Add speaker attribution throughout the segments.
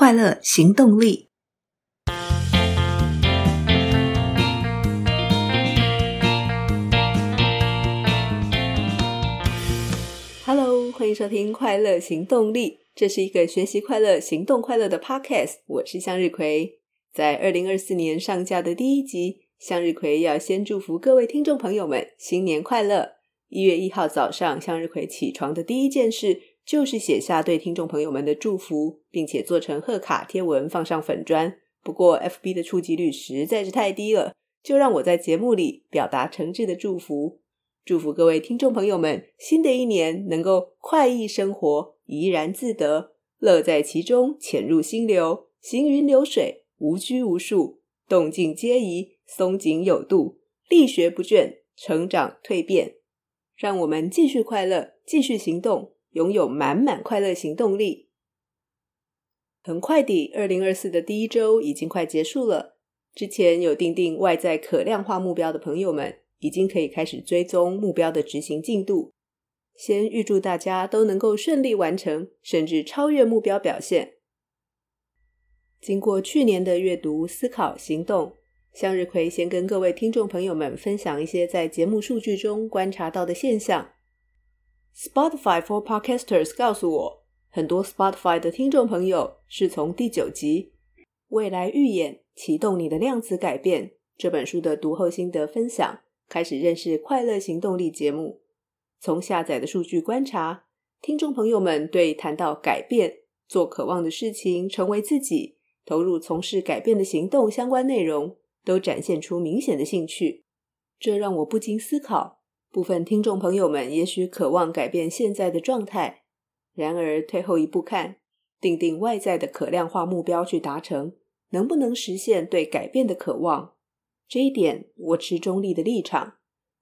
Speaker 1: 快樂行動力。Hello，歡迎收聽《快樂行動力》，這是一個學習快樂、行動快樂的 Podcast。我是向日葵，在二零二四年上架的第一集，向日葵要先祝福各位聽眾朋友們新年快樂！一月一號早上，向日葵起床的第一件事。就是寫下對聽眾朋友們的祝福，並且做成賀卡貼文放上粉專。不過，FB 的觸及率實在是太低了，就讓我在節目裡表達誠摯的祝福，祝福各位聽眾朋友們，新的一年能夠快意生活，怡然自得，樂在其中，潛入心流，行雲流水，無拘無束，動靜皆宜，鬆緊有度，力學不倦，成長蛻變。讓我們繼續快樂，繼續行動。擁有滿滿快樂行動力。很快的，二零二四的第一週已經快結束了。之前有訂定外在可量化目標的朋友們，已經可以開始追蹤目標的執行進度。先預祝大家都能夠順利完成，甚至超越目標表現。經過去年的閱讀、思考、行動，向日葵先跟各位聽眾朋友們分享一些在節目數據中觀察到的現象。Spotify for Podcasters 告訴我，很多 Spotify 的聽眾朋友是從第九集《未來預演：啟動你的量子改變》這本書的讀後心得分享開始認識《快樂行動力》節目。從下載的數據觀察，聽眾朋友們對談到改變、做渴望的事情、成為自己、投入從事改變的行動相關內容，都展現出明顯的興趣。這讓我不禁思考。部分聽眾朋友們也許渴望改變現在的狀態，然而退後一步看，訂定外在的可量化目標去達成，能不能實現對改變的渴望？這一點我持中立的立場，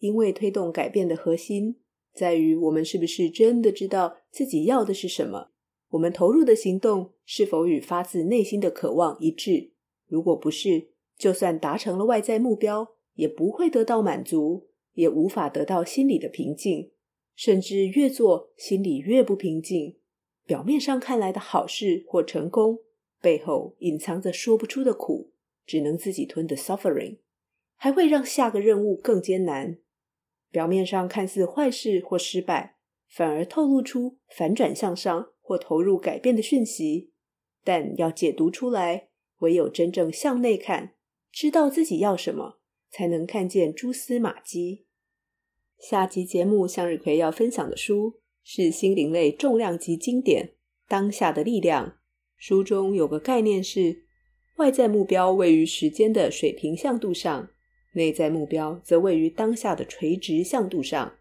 Speaker 1: 因為推動改變的核心在於我們是不是真的知道自己要的是什麼，我們投入的行動是否與發自內心的渴望一致。如果不是，就算達成了外在目標，也不會得到滿足。也無法得到心裡的平靜，甚至越做心裡越不平靜。表面上看來的好事或成功，背後隱藏着說不出的苦，只能自己吞的 suffering，還會讓下個任務更艱難。表面上看似壞事或失敗，反而透露出反轉向上或投入改變的訊息。但要解讀出來，唯有真正向內看，知道自己要什麼，才能看見蛛絲馬跡。下集節目向日葵要分享的書是心靈類重量級經典《當下的力量》。書中有個概念是：外在目標位於時間的水平向度上，內在目標則位於當下的垂直向度上。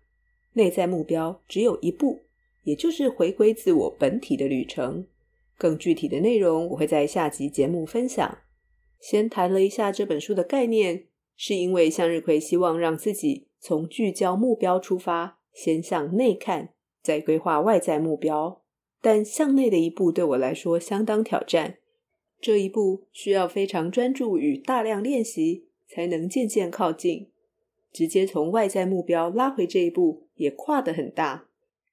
Speaker 1: 內在目標只有一步，也就是回歸自我本體的旅程。更具體的內容我會在下集節目分享。先談了一下這本書的概念。是因為向日葵希望讓自己從聚焦目標出發，先向內看，再規劃外在目標。但向內的一步對我來說相當挑戰，這一步需要非常專注與大量練習才能漸漸靠近。直接從外在目標拉回這一步也跨得很大，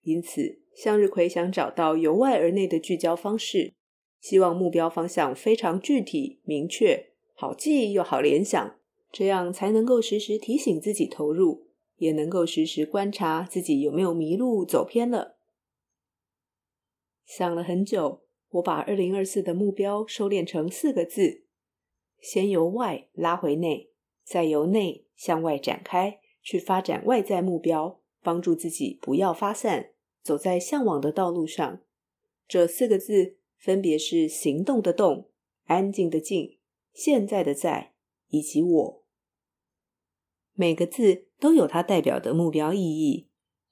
Speaker 1: 因此向日葵想找到由外而內的聚焦方式，希望目標方向非常具體明確，好記憶又好聯想。這樣才能夠時時提醒自己投入，也能夠時時觀察自己有沒有迷路、走偏了。想了很久，我把二零二四的目標收斂成四個字：先由外拉回內，再由內向外展開，去發展外在目標，幫助自己不要發散，走在嚮往的道路上。這四個字分別是“行動”的動、安靜的靜、現在的在，以及我。每個字都有它代表的目標意義，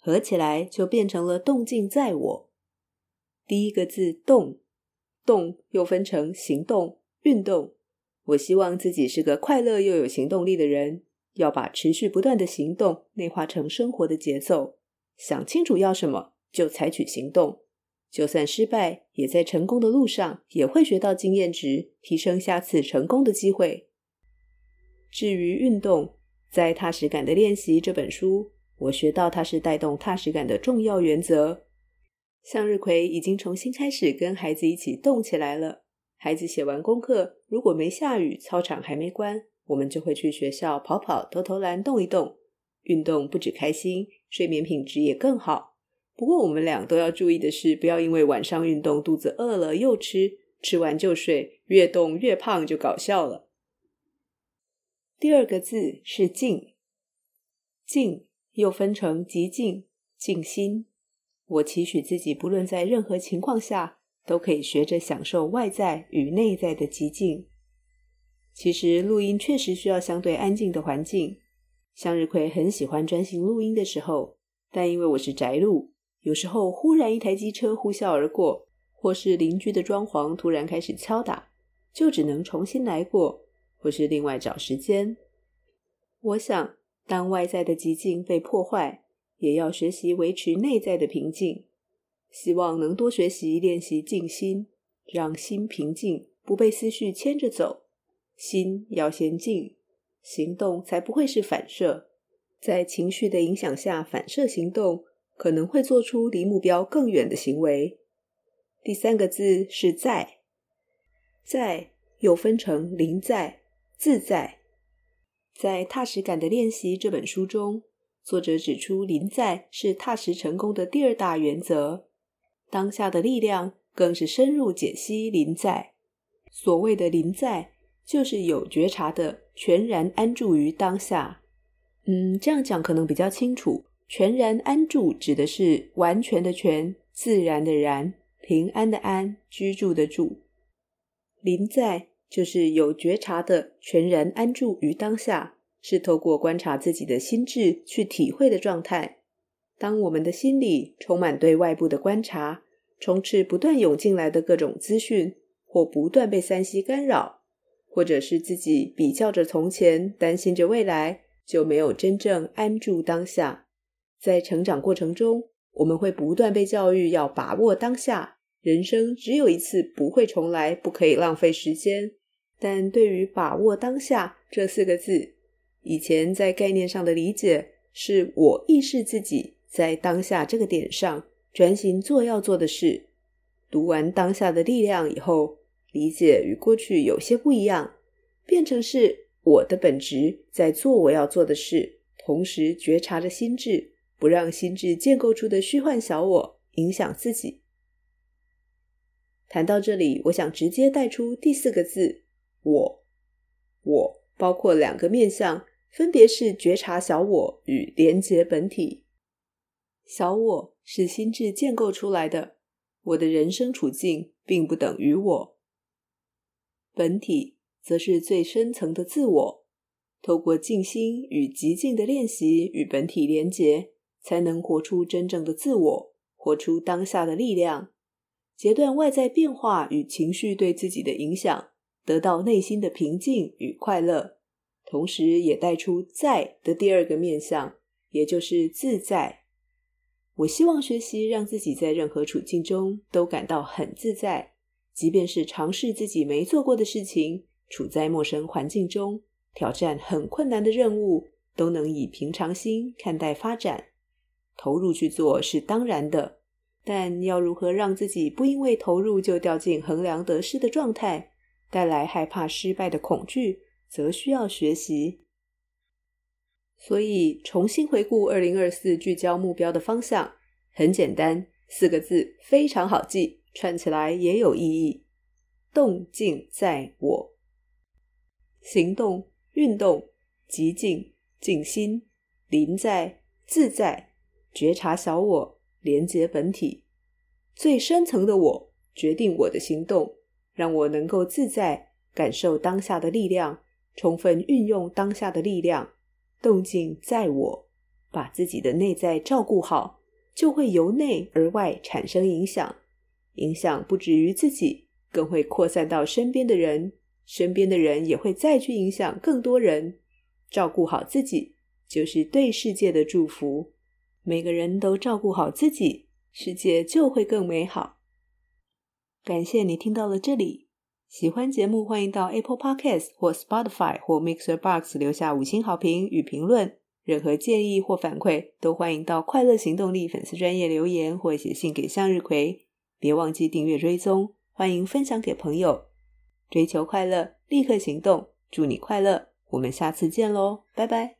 Speaker 1: 合起來就變成了“動靜在我”。第一個字“動”，動又分成行動、運動。我希望自己是個快樂又有行動力的人，要把持續不斷的行動內化成生活的節奏。想清楚要什麼，就採取行動。就算失敗，也在成功的路上，也會學到經驗值，提升下次成功的機會。至於運動，在《踏實感的練習》這本書，我學到它是帶動踏實感的重要原則。向日葵已經重新開始跟孩子一起動起來了。孩子寫完功課，如果沒下雨，操場還沒關，我們就會去學校跑跑、投投籃、動一動。運動不止開心，睡眠品質也更好。不過我們倆都要注意的是，不要因為晚上運動肚子餓了又吃，吃完就睡，越動越胖就搞笑了。第二個字是靜「靜」，靜又分成極靜、靜心。我期許自己，不論在任何情況下，都可以學着享受外在與內在的極靜。其實錄音確實需要相對安靜的環境。向日葵很喜歡專心錄音的時候，但因為我是宅錄，有時候忽然一台機車呼嘯而過，或是鄰居的裝潢突然開始敲打，就只能重新來過。或是另外找時間。我想，當外在的寂靜被破壞，也要學習維持內在的平靜。希望能多學習練習靜心，讓心平靜，不被思緒牽着走。心要先靜，行動才不會是反射。在情緒的影響下，反射行動可能會做出離目標更遠的行為。第三個字是在，在又分成臨在。自在，在《踏實感的練習》這本書中，作者指出，臨在是踏實成功的第二大原則。當下的力量更是深入解析臨在。所謂的臨在，就是有覺察的全然安住於當下。嗯，這樣講可能比較清楚，全然安住指的是完全的全，自然的然，平安的安，居住的住。臨在。就是有覺察的全然安住於當下，是透過觀察自己的心智去體會的狀態。當我們的心裡充滿對外部的觀察，充斥不斷湧進來的各種資訊，或不斷被訊息干擾，或者是自己比較着從前，擔心着未來，就沒有真正安住當下。在成長過程中，我們會不斷被教育要把握當下，人生只有一次，不會重來，不可以浪費時間。但對於把握當下這四個字，以前在概念上的理解是我意識自己在當下這個點上專心做要做的事。讀完《當下的力量》以後，理解與過去有些不一樣，變成是我的本質在做我要做的事，同時覺察着心智，不讓心智建構出的虛幻小我影響自己。談到這裡，我想直接帶出第四個字。我，我包括兩個面向，分別是覺察小我與連結本體。小我是心智建構出來的，我的人生處境並不等於我。本體則是最深層的自我，透過靜心與極靜的練習與本體連結，才能活出真正的自我，活出當下的力量，截斷外在變化與情緒對自己的影響，得到內心的平靜與快樂，同時也帶出在的第二個面向，也就是自在。我希望學習讓自己在任何處境中都感到很自在，即便是嘗試自己沒做過的事情，處在陌生環境中，挑戰很困難的任務，都能以平常心看待發展。投入去做是當然的，但要如何讓自己不因為投入就掉進衡量得失的狀態？帶來害怕失敗的恐懼，則需要學習。所以，重新回顧二零二四聚焦目標的方向，很簡單，四個字非常好記，串起來也有意義。動靜在我，行動、運動即靜，靜心臨在自在，覺察小我，連接本體，最深層的我，決定我的行動。讓我能夠自在感受當下的力量，充分運用當下的力量，動靜在我。把自己的內在照顧好，就會由內而外產生影響。影響不止於自己，更會擴散到身邊的人，身邊的人也會再去影響更多人。照顧好自己，就是對世界的祝福。每個人都照顧好自己，世界就會更美好。感謝你聽到了這裡，喜歡節目歡迎到 Apple Podcast 或 Spotify 或 MixerBox 留下五星好評與評論。任何建議或反饋都歡迎到快樂行動力粉絲專頁留言或寫信給向日葵。別忘記訂閱追蹤，歡迎分享給朋友。追求快樂，立刻行動，祝你快樂，我們下次見嘍，拜拜。